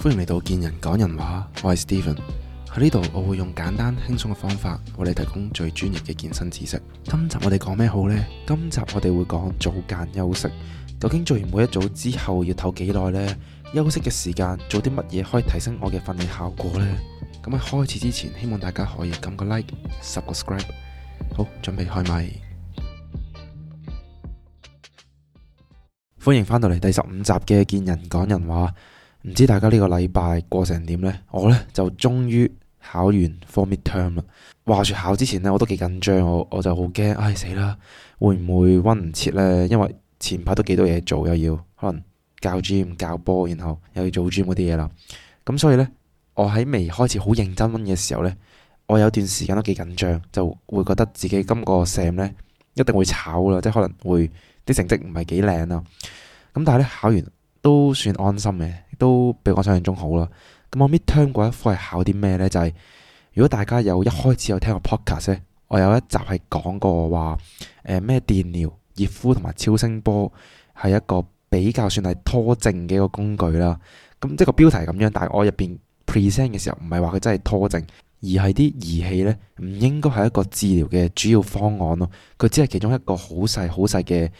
歡迎嚟到健人講人話，我係 Steven，喺呢度，我會用簡單輕鬆嘅方法為你提供最專業嘅健身知識。今集我哋講咩好呢？今集我哋會講組間休息，究竟做完每一組之後要唞幾耐呢？休息嘅時間做啲乜嘢可以提升我嘅訓練效果呢？咁喺開始之前，希望大家可以撳個 like，十個 subscribe，好，準備開咪！歡迎翻到嚟第十五集嘅健人講人話。唔知大家呢個禮拜過成點呢？我呢就終於考完 mid-term 啦。話說考之前呢，我都幾緊張，我我就好驚，唉死啦，會唔會温唔切呢？因為前排都幾多嘢做，又要可能教 gym 教波，然後又要做 gym 嗰啲嘢啦。咁所以呢，我喺未開始好認真温嘅時候呢，我有段時間都幾緊張，就會覺得自己今個 sam 呢，一定會炒啦，即係可能會啲成績唔係幾靚啦。咁但係呢，考完都算安心嘅。都比我想象中好啦。咁我 mid-term 嗰一科係考啲咩呢？就係、是、如果大家有一開始有聽過 podcast 我有一集係講過話，咩、呃、電療、熱敷同埋超聲波係一個比較算係拖靜嘅一個工具啦。咁即係個標題係咁樣，但係我入邊 present 嘅時候，唔係話佢真係拖靜，而係啲儀器呢，唔應該係一個治療嘅主要方案咯。佢只係其中一個好細好細嘅。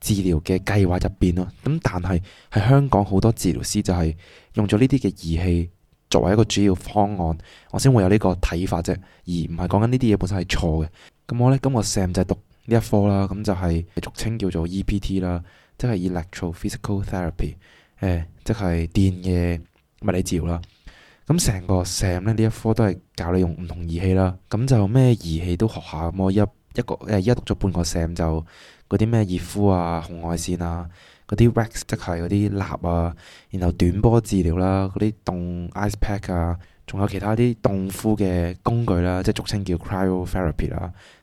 治療嘅計劃入邊咯，咁但係喺香港好多治療師就係用咗呢啲嘅儀器作為一個主要方案，我先會有呢個睇法啫，而唔係講緊呢啲嘢本身係錯嘅。咁我咧，咁我 Sam 就係讀呢一科啦，咁就係俗稱叫做 EPT 啦，即係 Electrophysical Therapy，誒，即係電嘅物理治療啦。咁成個 Sam 咧呢一科都係教你用唔同儀器啦，咁就咩儀器都學下，咁我一。一個誒，一讀咗半個 semester 就嗰啲咩熱敷啊、紅外線啊、嗰啲 wax 即係嗰啲蠟啊，然後短波治療啦、啊、嗰啲凍 ice pack 啊，仲有其他啲凍敷嘅工具啦、啊，即係俗稱叫 cryotherapy 啦、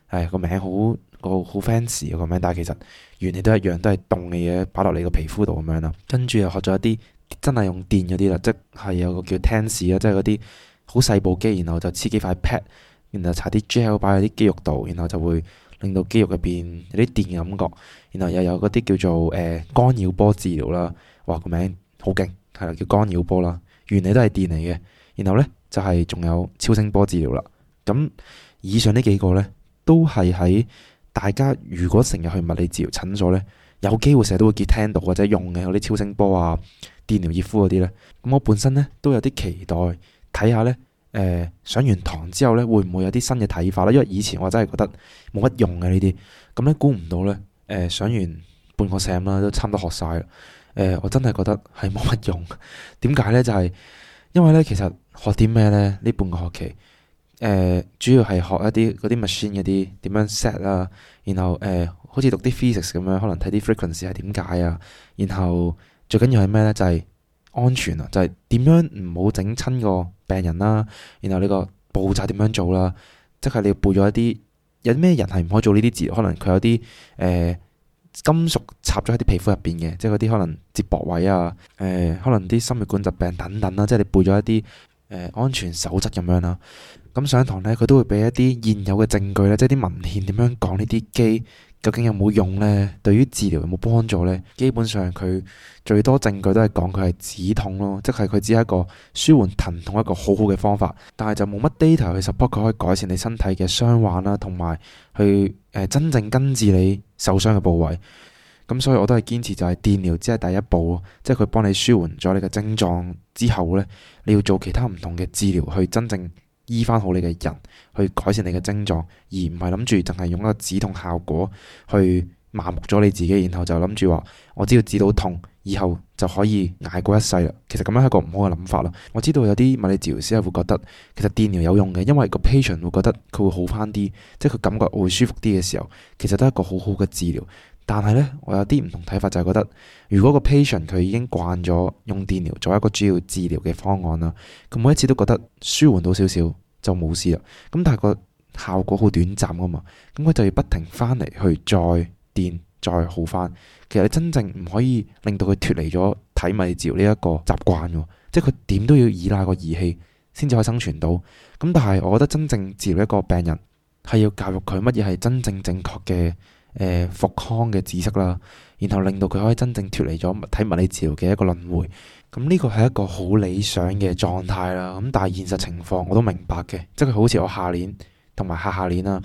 啊，係、哎個名好個好 fancy、啊個名，但係其實原理都一樣，都係凍嘅嘢擺落你個皮膚度咁樣啦。跟住又學咗一啲真係用電嗰啲啦，即係有個叫 tens 啊，即係嗰啲好細部機，然後就黐幾塊 pad。然後搽啲 gel 擺喺啲肌肉度，然後就會令到肌肉入邊有啲電嘅感覺，然後又有嗰啲叫做誒、呃、干擾波治療啦，哇個名好勁，係啊叫干擾波啦，原理都係電嚟嘅。然後咧就係、是、仲有超聲波治療啦。咁以上呢幾個咧都係喺大家如果成日去物理治療診所咧，有機會成日都會見聽到或者用嘅嗰啲超聲波啊、電療、熱敷嗰啲咧。咁我本身咧都有啲期待睇下咧。誒、呃，上完堂之後咧，會唔會有啲新嘅睇法咧？因為以前我真係覺得冇乜用嘅、嗯、呢啲，咁咧估唔到咧，誒，上完半個 semester 啦，都差唔多學晒啦，誒、呃，我真係覺得係冇乜用。點解咧？就係、是、因為咧，其實學啲咩咧？呢半個學期，誒、呃，主要係學一啲嗰啲 machine 嗰啲點樣 set 啦，然後誒、呃，好似讀啲 physics 咁樣，可能睇啲 frequency 係點解啊，然後最緊要係咩咧？就係、是。安全啊，就係、是、點樣唔好整親個病人啦，然後呢個步驟點樣做啦，即係你要背咗一啲有咩人係唔可以做呢啲字，可能佢有啲誒、呃、金屬插咗喺啲皮膚入邊嘅，即係嗰啲可能接駁位啊，誒、呃、可能啲心血管疾病等等啦，即係你背咗一啲誒、呃、安全守則咁樣啦。咁上堂呢，佢都會俾一啲現有嘅證據咧，即係啲文獻點樣講呢啲機。究竟有冇用呢？對於治療有冇幫助呢？基本上佢最多證據都係講佢係止痛咯，即係佢只係一個舒緩疼痛一個好好嘅方法，但係就冇乜 data 去 support 佢可以改善你身體嘅傷患啦，同埋去誒真正根治你受傷嘅部位。咁所以我都係堅持就係電療只係第一步，即係佢幫你舒緩咗你嘅症狀之後呢，你要做其他唔同嘅治療去真正。醫翻好你嘅人，去改善你嘅症狀，而唔係諗住淨係用一個止痛效果去麻木咗你自己，然後就諗住話我只要止到痛，以後就可以捱過一世啦。其實咁樣係一個唔好嘅諗法咯。我知道有啲物理治療師係會覺得其實電療有用嘅，因為個 patient 會覺得佢會好翻啲，即係佢感覺會舒服啲嘅時候，其實都係一個好好嘅治療。但係呢，我有啲唔同睇法，就係覺得如果個 patient 佢已經慣咗用電療做一個主要治療嘅方案啦，佢每一次都覺得舒緩到少少就冇事啦，咁但係個效果好短暫啊嘛，咁佢就要不停翻嚟去再電再好翻。其實你真正唔可以令到佢脫離咗體外治療呢一個習慣嘅，即係佢點都要依賴個儀器先至可以生存到。咁但係我覺得真正治療一個病人係要教育佢乜嘢係真正正確嘅。誒，復、呃、康嘅知識啦，然後令到佢可以真正脫離咗睇物理治療嘅一個輪迴，咁、這、呢個係一個好理想嘅狀態啦。咁但係現實情況，我都明白嘅，即係好似我下年同埋下下年啦，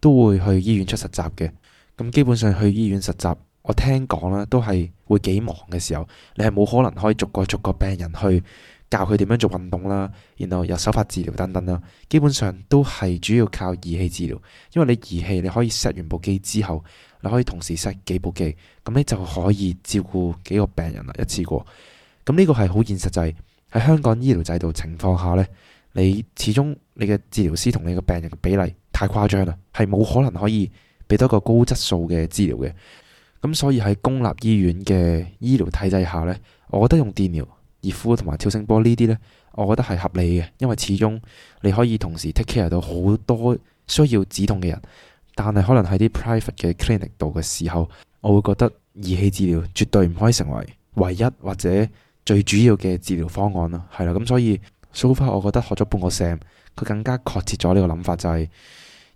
都會去醫院出實習嘅。咁基本上去醫院實習，我聽講咧都係會幾忙嘅時候，你係冇可能可以逐個逐個病人去。教佢點樣做運動啦，然後有手法治療等等啦，基本上都係主要靠儀器治療，因為你儀器你可以 set 完部機之後，你可以同時 set 幾部機，咁你就可以照顧幾個病人啦一次過。咁呢個係好現實，就係，喺香港醫療制度情況下呢，你始終你嘅治療師同你嘅病人嘅比例太誇張啦，係冇可能可以俾多個高質素嘅治療嘅。咁所以喺公立醫院嘅醫療體制下呢，我覺得用電療、熱敷同埋超聲波呢啲呢，我覺得係合理嘅，因為始終你可以同時 take care 到好多需要止痛嘅人，但係可能喺啲 private 嘅 clinic 度嘅時候，我會覺得儀器治療絕對唔可以成為唯一或者最主要嘅治療方案啦，係啦，咁所以 so far 我覺得學咗半個 sem，佢更加確切咗呢個諗法，就係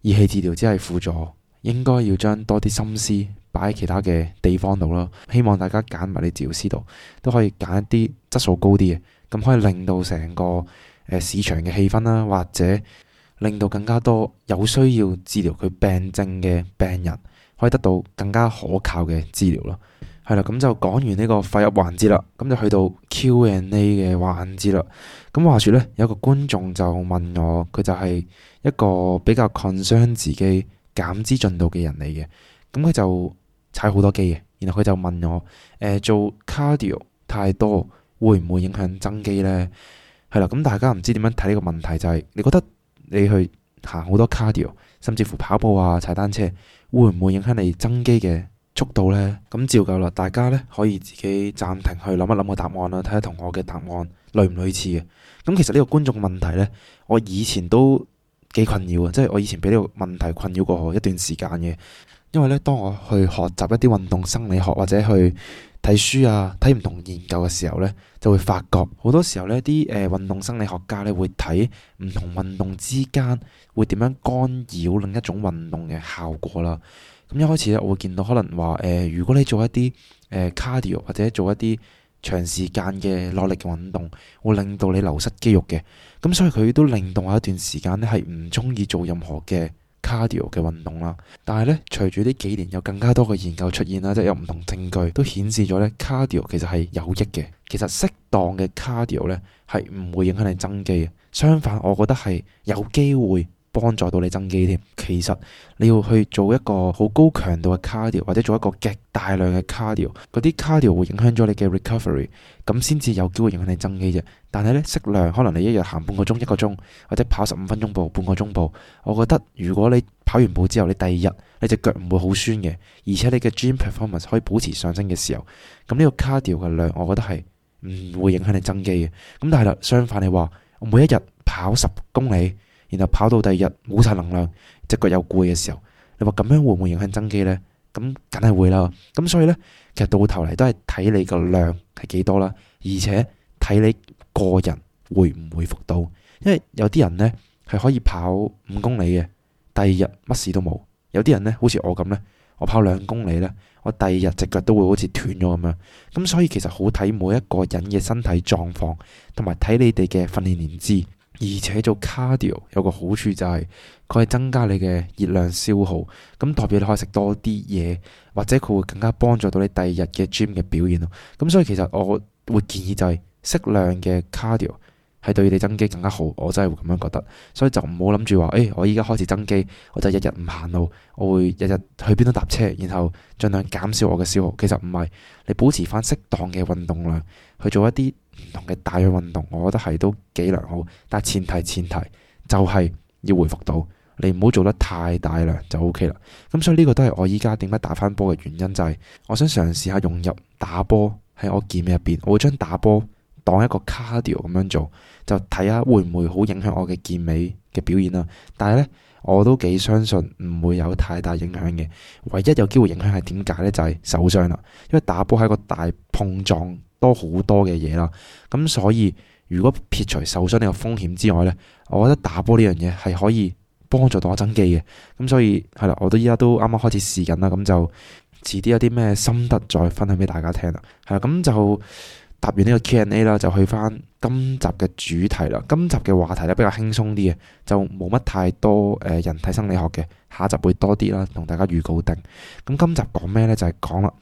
儀器治療只係輔助。應該要將多啲心思擺喺其他嘅地方度咯。希望大家揀物理治療師度都可以揀一啲質素高啲嘅，咁可以令到成個誒市場嘅氣氛啦，或者令到更加多有需要治療佢病症嘅病人可以得到更加可靠嘅治療咯。係啦，咁就講完呢個廢噏環節啦，咁就去到 Q&A 嘅環節啦。咁話説呢，有個觀眾就問我，佢就係一個比較 concern 自己。減脂進度嘅人嚟嘅，咁佢就踩好多機嘅，然後佢就問我：誒、呃、「做 cardio 太多會唔會影響增肌呢？」係啦，咁大家唔知點樣睇呢個問題，就係，就係你覺得你去行好多 cardio，甚至乎跑步啊、踩單車，會唔會影響你增肌嘅速度呢？咁照舊啦，大家呢可以自己暫停去諗一諗個答案啦，睇下同我嘅答案類唔類似嘅。咁其實呢個觀眾問題呢，我以前都～幾困擾啊！即係我以前俾呢個問題困擾過一段時間嘅，因為咧當我去學習一啲運動生理學或者去睇書啊、睇唔同研究嘅時候咧，就會發覺好多時候呢啲誒、呃、運動生理學家咧會睇唔同運動之間會點樣干擾另一種運動嘅效果啦。咁一開始咧我會見到可能話誒、呃，如果你做一啲誒、呃、cardio 或者做一啲長時間嘅落力運動，會令到你流失肌肉嘅。咁所以佢都令到我一段時間咧係唔中意做任何嘅 cardio 嘅運動啦。但係呢，隨住呢幾年有更加多嘅研究出現啦，即係有唔同證據都顯示咗呢 cardio 其實係有益嘅。其實適當嘅 cardio 咧係唔會影響你增肌嘅。相反，我覺得係有機會，幫助到你增肌添，其實你要去做一個好高強度嘅 cardio，或者做一個極大量嘅 cardio，嗰啲 cardio 會影響咗你嘅 recovery，咁先至有機會影響你增肌啫。但係呢，適量可能你一日行半個鐘、一個鐘，或者跑十五分鐘步、半個鐘步，我覺得如果你跑完步之後，你第二日你隻腳唔會好酸嘅，而且你嘅 gym performance 可以保持上升嘅時候，咁呢個 cardio 嘅量，我覺得係唔會影響你增肌嘅。咁但係啦，相反你話我每一日跑十公里。然後跑到第二日冇晒能量，隻腳又攰嘅時候，你話咁樣會唔會影響增肌呢？咁梗係會啦。咁所以呢，其實到頭嚟都係睇你個量係幾多啦，而且睇你個人會唔會復到。因為有啲人呢係可以跑五公里嘅，第二日乜事都冇；有啲人呢好似我咁呢，我跑兩公里呢，我第二日隻腳都會好似斷咗咁樣。咁所以其實好睇每一個人嘅身體狀況，同埋睇你哋嘅訓練年資。而且做 cardio 有個好處就係佢係增加你嘅熱量消耗，咁代表你可以食多啲嘢，或者佢會更加幫助到你第二日嘅 gym 嘅表現咯。咁所以其實我會建議就係適量嘅 cardio 係對你增肌更加好，我真係會咁樣覺得。所以就唔好諗住話，誒我依家開始增肌，我就日日唔行路，我會日日去邊度搭車，然後盡量減少我嘅消耗。其實唔係，你保持翻適當嘅運動量去做一啲。唔同嘅大量運動，我覺得係都幾良好，但係前提前提就係要回復到，你唔好做得太大量就 OK 啦。咁所以呢個都係我依家點解打返波嘅原因，就係我想嘗試下融入打波喺我健美入邊，我會將打波當一個 cardio 咁樣做，就睇下會唔會好影響我嘅健美嘅表現啦。但係呢，我都幾相信唔會有太大影響嘅，唯一有機會影響係點解呢？就係手傷啦，因為打波係一個大碰撞。多好多嘅嘢啦，咁所以如果撇除受傷呢個風險之外呢，我覺得打波呢樣嘢係可以幫助到我增肌嘅，咁所以係啦，我都依家都啱啱開始試緊啦，咁就遲啲有啲咩心得再分享俾大家聽啦，係啦，咁就答完呢個 Q&A 啦，就去翻今集嘅主題啦，今集嘅話題呢，比較輕鬆啲嘅，就冇乜太多誒人體生理學嘅，下一集會多啲啦，同大家預告定，咁今集講咩呢？就係講啦。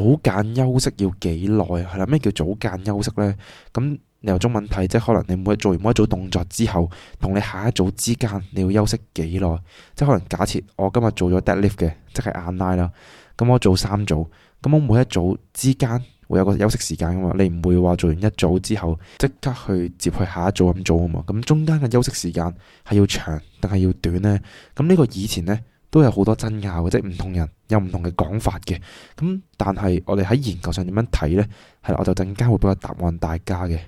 組間休息要幾耐啊？係啦，咩叫組間休息呢？咁由中文睇，即可能你每做完每一組動作之後，同你下一組之間，你要休息幾耐？即係可能假設我今日做咗 deadlift 嘅，即係硬拉啦，咁我做三組，咁我每一組之間會有個休息時間噶嘛？你唔會話做完一組之後即刻去接去下一組咁做啊嘛？咁中間嘅休息時間係要長定係要短呢？咁呢個以前呢，都有好多爭拗嘅，即係唔同人。有唔同嘅講法嘅，咁但係我哋喺研究上點樣睇呢？係啦，我就陣間會俾個答案大家嘅。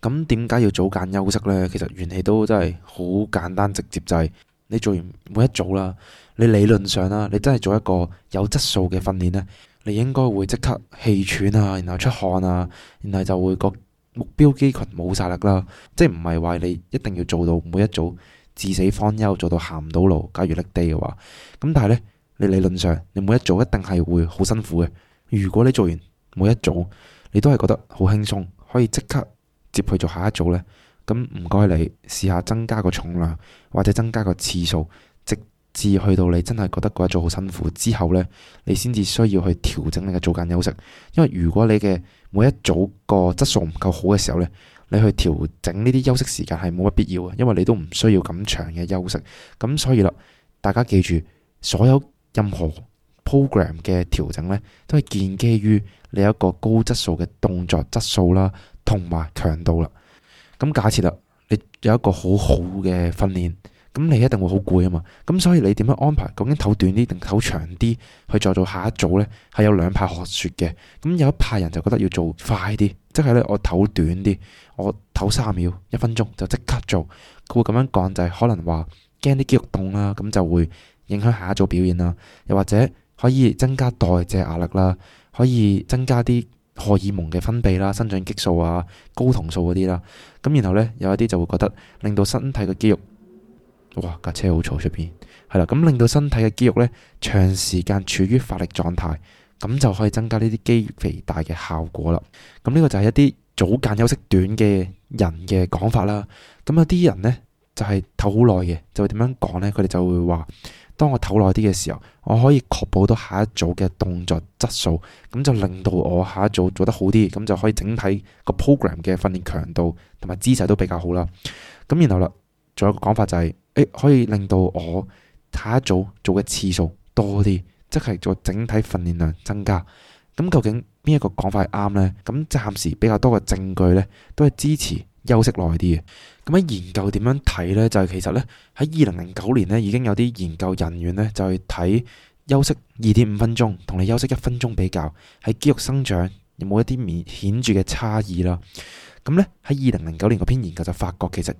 咁點解要組間休息呢？其實原理都真係好簡單直接，就係你做完每一組啦，你理論上啦，你真係做一個有質素嘅訓練呢，你應該會即刻氣喘啊，然後出汗啊，然後就會個目標肌群冇晒力啦。即係唔係話你一定要做到每一組至死方休，做到行唔到路，假如力低嘅話。咁但係呢。你理論上你每一組一定係會好辛苦嘅。如果你做完每一組，你都係覺得好輕鬆，可以即刻接去做下一組呢，咁唔該你試下增加個重量或者增加個次數，直至去到你真係覺得嗰一組好辛苦之後呢，你先至需要去調整你嘅組間休息。因為如果你嘅每一組個質素唔夠好嘅時候呢，你去調整呢啲休息時間係冇乜必要嘅，因為你都唔需要咁長嘅休息。咁所以啦，大家記住所有，任何 program 嘅調整呢，都係建基於你一個高質素嘅動作質素啦，同埋強度啦。咁假設啦，你有一個好好嘅訓練，咁你一定會好攰啊嘛。咁所以你點樣安排？究竟唞短啲定唞長啲去再做下一組呢？係有兩派學說嘅。咁有一派人就覺得要做快啲，即係呢，我唞短啲，我唞三十秒、一分鐘就即刻做。佢會咁樣講就係、是、可能話驚啲肌肉凍啦，咁就會。影響下一組表現啦，又或者可以增加代謝壓力啦，可以增加啲荷爾蒙嘅分泌啦，生長激素啊、睾酮素嗰啲啦。咁然後呢，有一啲就會覺得令到身體嘅肌肉哇架車好嘈，出邊係啦。咁令到身體嘅肌肉呢長時間處於發力狀態，咁就可以增加呢啲肌肥大嘅效果啦。咁呢個就係一啲組間休息短嘅人嘅講法啦。咁有啲人呢，就係唞好耐嘅，就會點樣講呢？佢哋就會話。當我唞耐啲嘅時候，我可以確保到下一組嘅動作質素，咁就令到我下一組做得好啲，咁就可以整體個 program 嘅訓練強度同埋姿勢都比較好啦。咁然後啦，仲有一個講法就係，誒可以令到我下一組做嘅次數多啲，即係做整體訓練量增加。咁究竟邊一個講法係啱呢？咁暫時比較多嘅證據呢，都係支持。休息耐啲咁，喺研究點樣睇呢？就係其實呢，喺二零零九年呢，已經有啲研究人員呢，就去睇休息二點五分鐘同你休息一分鐘比較，喺肌肉生長有冇一啲顯顯著嘅差異啦。咁呢，喺二零零九年個篇研究就發覺其實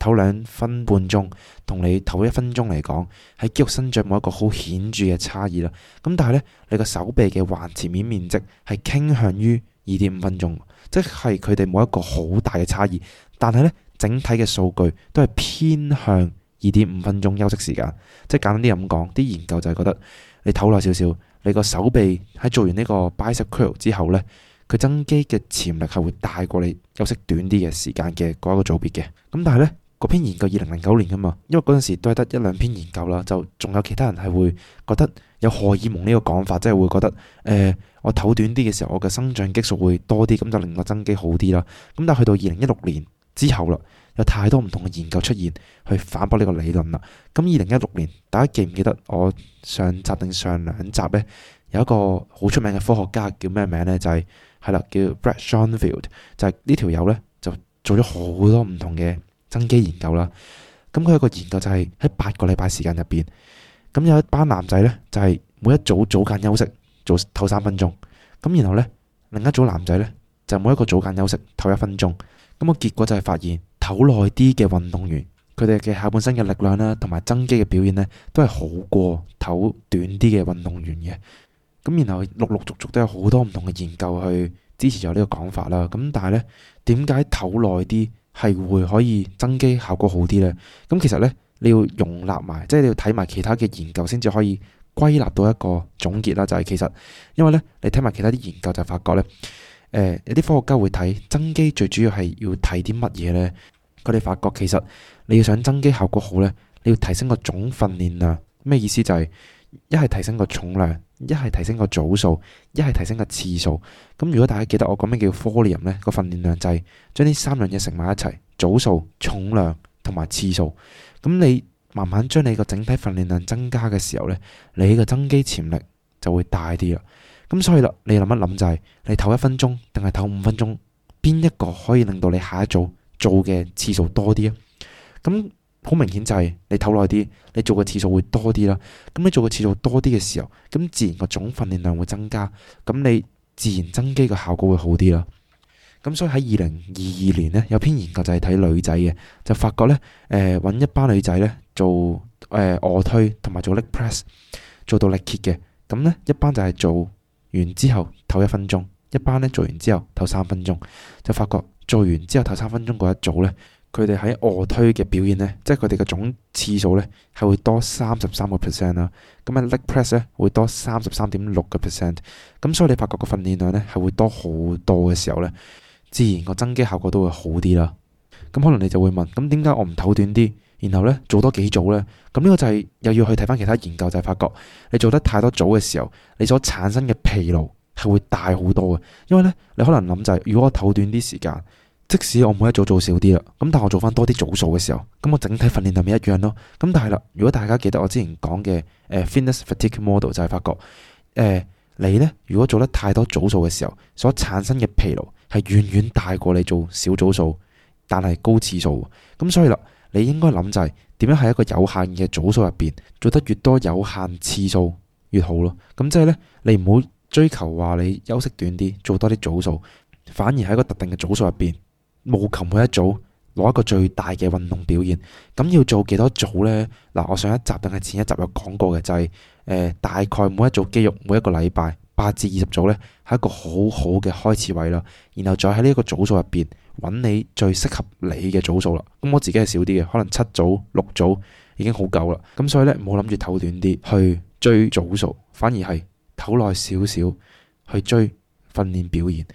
唞兩分半鐘同你唞一分鐘嚟講，喺肌肉生長冇一個好顯著嘅差異啦。咁但係呢，你個手臂嘅橫切面面積係傾向於。二點五分鐘，即係佢哋冇一個好大嘅差異，但係呢，整體嘅數據都係偏向二點五分鐘休息時間，即係簡單啲咁講，啲研究就係覺得你唞耐少少，你個手臂喺做完呢個 bicep curl 之後呢，佢增肌嘅潛力係會大過你休息短啲嘅時間嘅嗰一個組別嘅，咁但係呢。個篇研究二零零九年噶嘛，因為嗰陣時都係得一兩篇研究啦，就仲有其他人係會覺得有荷爾蒙呢個講法，即係會覺得誒、呃，我頭短啲嘅時候，我嘅生長激素會多啲，咁就令我增肌好啲啦。咁但係去到二零一六年之後啦，有太多唔同嘅研究出現去反駁呢個理論啦。咁二零一六年大家記唔記得我上集定上兩集咧，有一個好出名嘅科學家叫咩名咧？就係，係啦，叫 Brad s h o e n f i e l d 就係呢條友咧，就做咗好多唔同嘅。增肌研究啦，咁佢有個研究就係喺八個禮拜時間入邊，咁有一班男仔呢，就係每一組組間休息早唞三分鐘，咁然後呢，另一組男仔呢，就每一個組間休息唞一分鐘，咁個結果就係發現唞耐啲嘅運動員，佢哋嘅下半身嘅力量啦，同埋增肌嘅表現呢，都係好過唞短啲嘅運動員嘅，咁然後陸陸續續都有好多唔同嘅研究去支持咗呢個講法啦，咁但係呢，點解唞耐啲？係會可以增肌效果好啲呢？咁其實呢，你要容納埋，即係你要睇埋其他嘅研究，先至可以歸納到一個總結啦。就係、是、其實，因為呢，你睇埋其他啲研究就發覺呢、呃，有啲科學家會睇增肌最主要係要睇啲乜嘢呢？佢哋發覺其實你要想增肌效果好呢，你要提升個總訓練量。咩意思？就係一係提升個重量。一係提升個組數，一係提升個次數。咁如果大家記得我講咩叫 Volume 呢，個訓練量就係將呢三樣嘢，食埋一齊，組數、重量同埋次數。咁你慢慢將你個整體訓練量增加嘅時候呢，你個增肌潛力就會大啲啦。咁所以啦，你諗一諗就係、是，你唞一分鐘定係唞五分鐘，邊一個可以令到你下一組做嘅次數多啲啊？咁。好明顯就係你唞耐啲，你做嘅次數會多啲啦。咁你做嘅次數多啲嘅時候，咁自然個總訓練量會增加，咁你自然增肌嘅效果會好啲咯。咁所以喺二零二二年呢，有篇研究就係睇女仔嘅，就發覺呢，誒、呃、揾一班女仔呢做誒卧、呃呃、推同埋做 leg press，做到力竭嘅。咁呢一班就係做完之後唞一分鐘，一班呢做完之後唞三分鐘，就發覺做完之後唞三分鐘嗰一組呢。佢哋喺卧推嘅表現呢，即係佢哋嘅總次數呢，係會多三十三個 percent 啦。咁啊，leg press 呢，會多三十三點六個 percent。咁所以你發覺個訓練量呢，係會多好多嘅時候呢，自然個增肌效果都會好啲啦。咁可能你就會問，咁點解我唔唞短啲，然後呢，做多幾組呢？咁呢個就係又要去睇翻其他研究，就係發覺你做得太多組嘅時候，你所產生嘅疲勞係會大好多嘅。因為呢，你可能諗就係如果我唞短啲時間。即使我每一組做少啲啦，咁但係我做翻多啲組數嘅時候，咁我整體訓練係咪一樣咯。咁但係啦，如果大家記得我之前講嘅誒，fitness fatigue model 就係發覺誒、呃，你呢如果做得太多組數嘅時候，所產生嘅疲勞係遠遠大過你做小組數，但係高次數。咁所以啦，你應該諗就係點樣喺一個有限嘅組數入邊做得越多有限次數越好咯。咁即係呢，你唔好追求話你休息短啲，做多啲組數，反而喺一個特定嘅組數入邊。務求每一組攞一個最大嘅運動表現，咁要做幾多組呢？嗱，我上一集定係前一集有講過嘅，就係、是、大概每一組肌肉每一個禮拜八至二十組呢，係一個好好嘅開始位啦。然後再喺呢一個組數入邊揾你最適合你嘅組數啦。咁我自己係少啲嘅，可能七組六組已經好夠啦。咁所以呢，唔好諗住唞短啲去追組數，反而係唞耐少少去追訓練表現。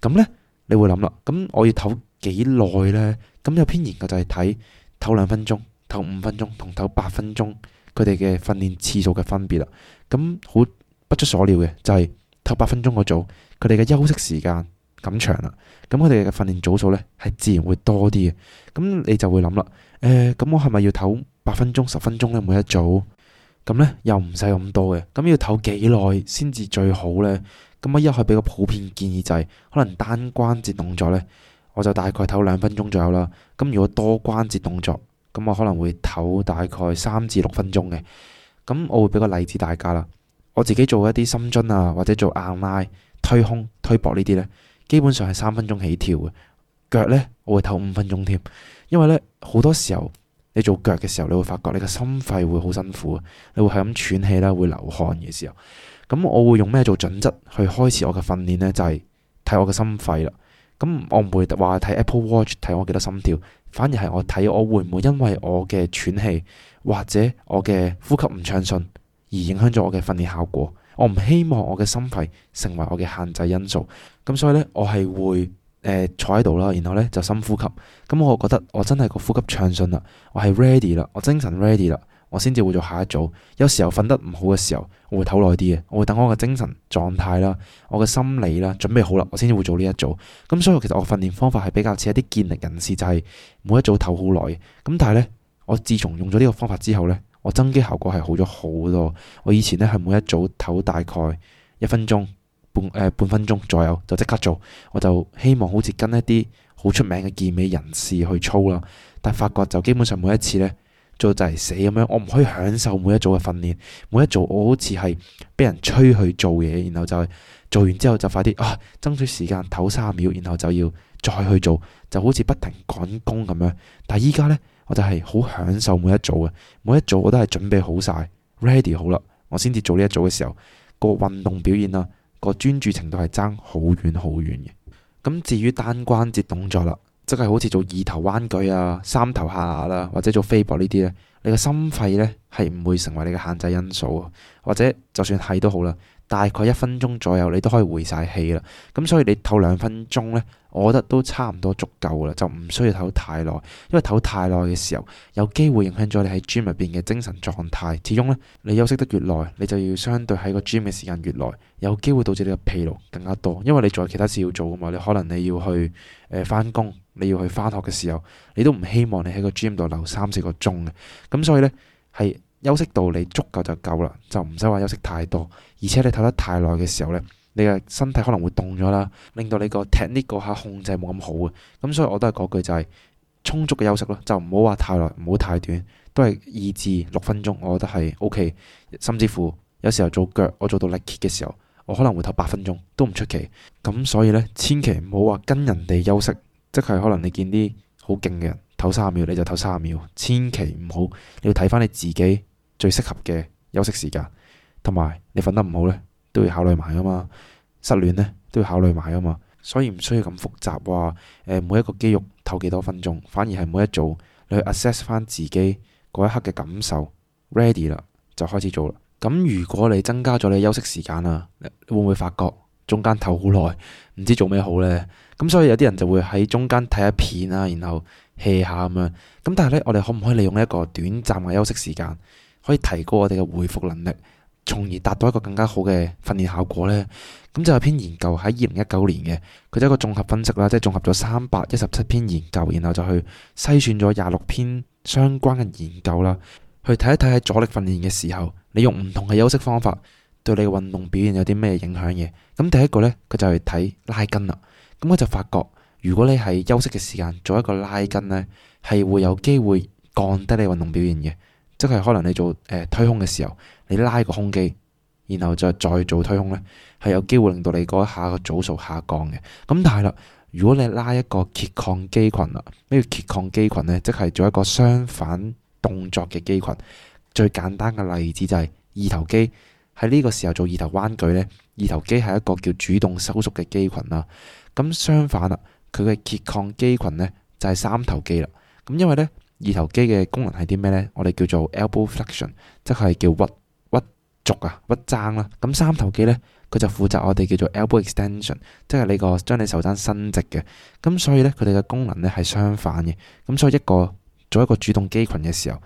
咁呢，你會諗啦，咁我要唞幾耐呢？咁有篇研究就係睇唞兩分鐘、唞五分鐘同唞八分鐘佢哋嘅訓練次數嘅分別啦。咁好不出所料嘅就係唞八分鐘嗰組佢哋嘅休息時間咁長啦。咁佢哋嘅訓練組數呢，係自然會多啲嘅。咁你就會諗啦，誒、呃，咁我係咪要唞八分鐘、十分鐘呢？每一組咁呢又唔使咁多嘅。咁要唞幾耐先至最好呢？咁我一去俾個普遍建議就係、是、可能單關節動作呢，我就大概唞兩分鐘左右啦。咁如果多關節動作，咁我可能會唞大概三至六分鐘嘅。咁我會俾個例子大家啦。我自己做一啲深蹲啊，或者做硬拉、推胸、推膊呢啲呢，基本上係三分鐘起跳嘅。腳呢，我會唞五分鐘添。因為呢，好多時候你做腳嘅時候，你會發覺你嘅心肺會好辛苦，你會係咁喘氣啦，會流汗嘅時候。咁我會用咩做準則去開始我嘅訓練呢？就係睇我嘅心肺啦。咁我唔會話睇 Apple Watch 睇我幾多心跳，反而係我睇我會唔會因為我嘅喘氣或者我嘅呼吸唔暢順而影響咗我嘅訓練效果。我唔希望我嘅心肺成為我嘅限制因素。咁所以咧，我係會誒坐喺度啦，然後咧就深呼吸。咁我覺得我真係個呼吸暢順啦，我係 ready 啦，我精神 ready 啦。我先至會做下一組，有時候瞓得唔好嘅時候，我會唞耐啲嘅，我會等我嘅精神狀態啦，我嘅心理啦準備好啦，我先至會做呢一組。咁所以其實我訓練方法係比較似一啲健力人士，就係每一組唞好耐。咁但係呢，我自從用咗呢個方法之後呢，我增肌效果係好咗好多。我以前呢，係每一組唞大概一分鐘半誒、呃、半分鐘左右就即刻做，我就希望好似跟一啲好出名嘅健美人士去操啦。但係發覺就基本上每一次呢。做就係死咁樣，我唔可以享受每一組嘅訓練，每一組我好似係俾人催去做嘢，然後就係做完之後就快啲啊，爭取時間唞三十秒，然後就要再去做，就好似不停趕工咁樣。但係依家呢，我就係好享受每一組嘅，每一組我都係準備好晒，ready 好啦，我先至做呢一組嘅時候，個運動表現啊，個專注程度係爭好遠好遠嘅。咁至於單關節動作啦。即係好似做二頭彎舉啊、三頭下壓啦，啊，或者做飛膊呢啲呢，你個心肺呢係唔會成為你嘅限制因素，啊。或者就算係都好啦，大概一分鐘左右你都可以回晒氣啦。咁所以你唞兩分鐘呢，我覺得都差唔多足夠啦，就唔需要唞太耐，因為唞太耐嘅時候，有機會影響咗你喺 gym 入邊嘅精神狀態。始終呢，你休息得越耐，你就要相對喺個 gym 嘅時間越耐，有機會導致你嘅疲勞更加多，因為你仲有其他事要做啊嘛，你可能你要去誒翻工。呃你要去翻學嘅時候，你都唔希望你喺個 Gym 度留三四個鐘嘅。咁，所以呢，係休息到你足夠就夠啦，就唔使話休息太多。而且你唞得太耐嘅時候呢，你嘅身體可能會凍咗啦，令到你個 technique 個下控制冇咁好啊。咁所以我都係嗰句就係充足嘅休息咯，就唔好話太耐，唔好太短，都係二至六分鐘，我覺得係 OK。甚至乎有時候做腳，我做到力竭嘅時候，我可能會唞八分鐘都唔出奇。咁所以呢，千祈唔好話跟人哋休息。即係可能你見啲好勁嘅人唞三十秒，你就唞三十秒，千祈唔好，你要睇翻你自己最適合嘅休息時間，同埋你瞓得唔好呢，都要考慮埋噶嘛，失戀呢，都要考慮埋噶嘛，所以唔需要咁複雜話，每一個肌肉唞幾多分鐘，反而係每一組你去 assess 翻自己嗰一刻嘅感受 ready 啦，就開始做啦。咁如果你增加咗你休息時間啊，你會唔會發覺？中間唞好耐，唔知做咩好呢。咁所以有啲人就會喺中間睇一片啊，然後歇下咁樣。咁但係呢，我哋可唔可以利用呢一個短暫嘅休息時間，可以提高我哋嘅回復能力，從而達到一個更加好嘅訓練效果呢？咁就有篇研究喺二零一九年嘅，佢就一個綜合分析啦，即係綜合咗三百一十七篇研究，然後就去篩選咗廿六篇相關嘅研究啦，去睇一睇喺阻力訓練嘅時候，你用唔同嘅休息方法。對你嘅運動表現有啲咩影響嘅？咁第一個呢，佢就係睇拉筋啦。咁我就發覺，如果你係休息嘅時間做一個拉筋呢，係會有機會降低你運動表現嘅。即係可能你做誒、呃、推胸嘅時候，你拉個胸肌，然後再再做推胸呢，係有機會令到你嗰一下個組數下降嘅。咁但係啦，如果你拉一個拮抗肌群啦，咩叫拮抗肌群呢？即係做一個相反動作嘅肌群。最簡單嘅例子就係二頭肌。喺呢個時候做二頭彎舉呢，二頭肌係一個叫主動收縮嘅肌群啦。咁相反啦，佢嘅拮抗肌群呢就係三頭肌啦。咁因為呢，二頭肌嘅功能係啲咩呢？我哋叫做 elbow flexion，即係叫屈屈肘啊，屈踭啦。咁三頭肌呢，佢就負責我哋叫做 elbow extension，即係你個將你手踭伸直嘅。咁所以呢，佢哋嘅功能呢係相反嘅。咁所以一個做一個主動肌群嘅時候。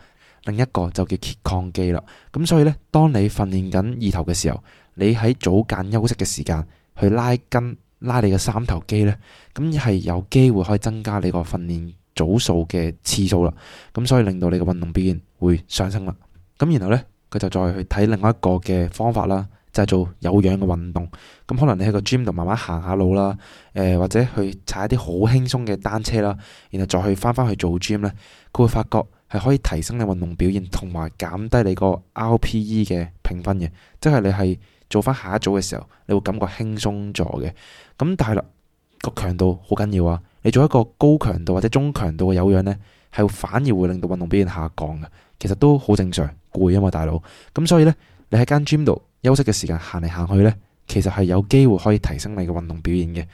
另一個就叫拮抗肌啦，咁所以呢，當你訓練緊二頭嘅時候，你喺組間休息嘅時間去拉筋拉你嘅三頭肌呢，咁係有機會可以增加你個訓練組數嘅次數啦，咁所以令到你嘅運動表現會上升啦。咁然後呢，佢就再去睇另外一個嘅方法啦，就係、是、做有氧嘅運動。咁可能你喺個 gym 度慢慢行下路啦，誒、呃、或者去踩一啲好輕鬆嘅單車啦，然後再去翻返去做 gym 呢，佢會發覺。係可以提升你運動表現，同埋減低你個 RPE 嘅評分嘅，即係你係做翻下一組嘅時候，你會感覺輕鬆咗嘅。咁但係啦，個強度好緊要啊！你做一個高強度或者中強度嘅有氧咧，係反而會令到運動表現下降嘅。其實都好正常，攰啊嘛，大佬。咁所以呢，你喺間 gym 度休息嘅時間行嚟行去呢。其實係有機會可以提升你嘅運動表現嘅。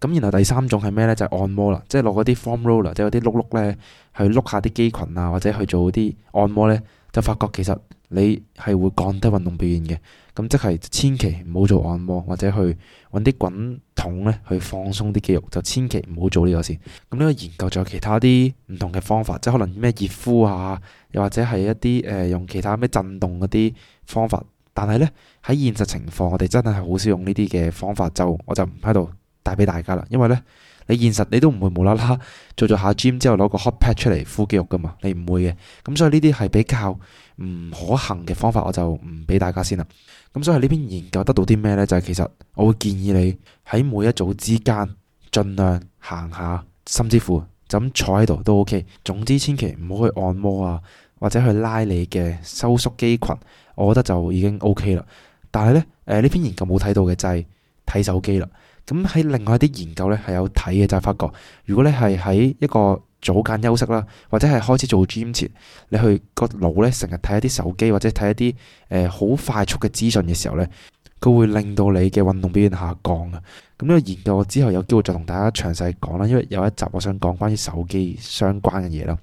咁然後第三種係咩咧？就係按摩啦，即係攞嗰啲 form roller 即係嗰啲碌碌咧，去碌下啲肌群啊，或者去做啲按摩咧，就發覺其實你係會降低運動表現嘅。咁即係千祈唔好做按摩或者去揾啲滾筒咧去放鬆啲肌肉，就千祈唔好做呢個先。咁呢個研究仲有其他啲唔同嘅方法，即係可能咩熱敷啊，又或者係一啲誒用其他咩震動嗰啲方法。但係咧，喺現實情況，我哋真係好少用呢啲嘅方法，就我就唔喺度帶俾大家啦。因為咧，你現實你都唔會無啦啦做咗下 gym 之後攞個 hot pad 出嚟敷肌肉㗎嘛，你唔會嘅。咁所以呢啲係比較唔可行嘅方法，我就唔俾大家先啦。咁所以呢邊研究得到啲咩咧？就係其實我會建議你喺每一組之間，盡量行下，甚至乎就咁坐喺度都 OK。總之千祈唔好去按摩啊，或者去拉你嘅收縮肌群。我覺得就已經 OK 啦，但係咧，誒呢篇研究冇睇到嘅就係睇手機啦。咁喺另外一啲研究咧，係有睇嘅，就係發覺如果你係喺一個早間休息啦，或者係開始做 gym 前，你去個腦咧成日睇一啲手機或者睇一啲誒好快速嘅資訊嘅時候咧，佢會令到你嘅運動表現下降嘅。咁呢個研究我之後有機會再同大家詳細講啦，因為有一集我想講關於手機相關嘅嘢咯。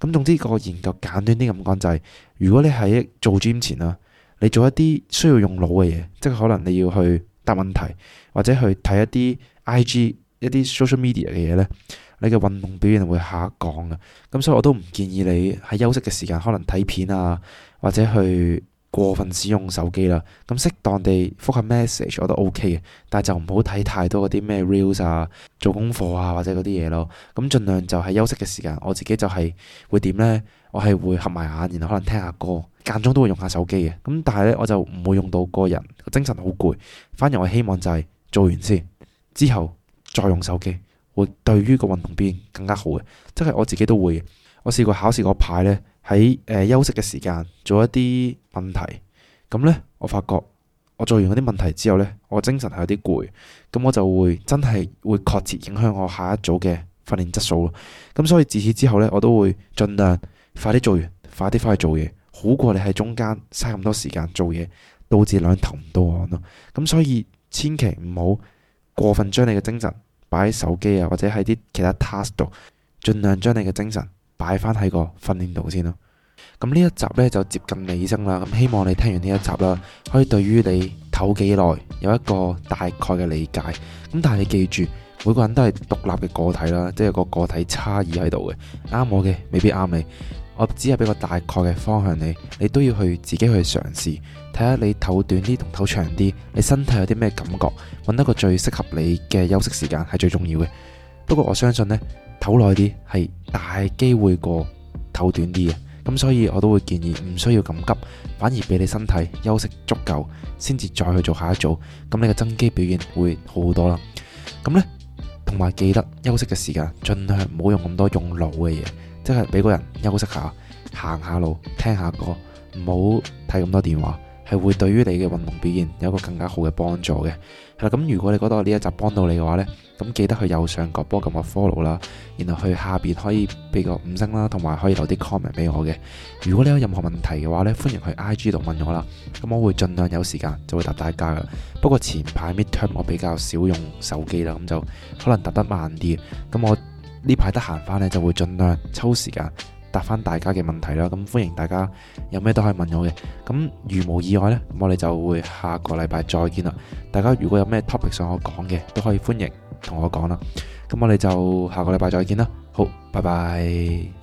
咁總之個研究簡短啲咁講就係。如果你喺做 gym 前啦，你做一啲需要用腦嘅嘢，即係可能你要去答問題，或者去睇一啲 IG 一啲 social media 嘅嘢咧，你嘅運動表現會下降嘅。咁所以我都唔建議你喺休息嘅時間可能睇片啊，或者去過分使用手機啦、啊。咁適當地覆吓 message 我都 OK 嘅，但係就唔好睇太多嗰啲咩 reels 啊，做功課啊或者嗰啲嘢咯。咁儘量就喺休息嘅時間，我自己就係會點咧。我係會合埋眼，然後可能聽下歌，間中都會用下手機嘅。咁但係咧，我就唔會用到個人精神好攰。反而我希望就係做完先，之後再用手機，會對於個運動變更加好嘅，即係我自己都會。我試過考試嗰排呢，喺誒休息嘅時間做一啲問題，咁呢，我發覺我做完嗰啲問題之後呢，我精神係有啲攰，咁我就會真係會確切影響我下一組嘅訓練質素咯。咁所以自此之後呢，我都會盡量，快啲做完，快啲翻去做嘢，好過你喺中間嘥咁多時間做嘢，導致兩頭唔到岸咯。咁所以千祈唔好過分將你嘅精神擺喺手機啊，或者喺啲其他 task 度，盡量將你嘅精神擺翻喺個訓練度先咯。咁呢一集呢，就接近尾聲啦，咁希望你聽完呢一集啦，可以對於你唞幾耐有一個大概嘅理解。咁但係你記住，每個人都係獨立嘅個體啦，即係個個體差異喺度嘅，啱我嘅未必啱你。我只係俾個大概嘅方向你，你都要去自己去嘗試，睇下你唞短啲同唞長啲，你身體有啲咩感覺，搵一個最適合你嘅休息時間係最重要嘅。不過我相信呢，唞耐啲係大機會過唞短啲嘅，咁所以我都會建議唔需要咁急，反而俾你身體休息足夠，先至再去做下一組，咁你嘅增肌表現會好好多啦。咁呢，同埋記得休息嘅時間，盡量唔好用咁多用腦嘅嘢。即係俾個人休息下，行下路，聽下歌，唔好睇咁多電話，係會對於你嘅運動表現有一個更加好嘅幫助嘅。係啦，咁如果你覺得我呢一集幫到你嘅話呢，咁記得去右上角幫我撳個 follow 啦，然後去下邊可以俾個五星啦，同埋可以留啲 comment 俾我嘅。如果你有任何問題嘅話呢，歡迎去 IG 度問我啦，咁我會盡量有時間就會答大家噶。不過前排 mid term 我比較少用手機啦，咁就可能答得慢啲。咁我。呢排得閒翻呢，就會盡量抽時間答翻大家嘅問題啦。咁歡迎大家有咩都可以問我嘅。咁如無意外呢，我哋就會下個禮拜再見啦。大家如果有咩 topic 想我講嘅，都可以歡迎同我講啦。咁我哋就下個禮拜再見啦。好，拜拜。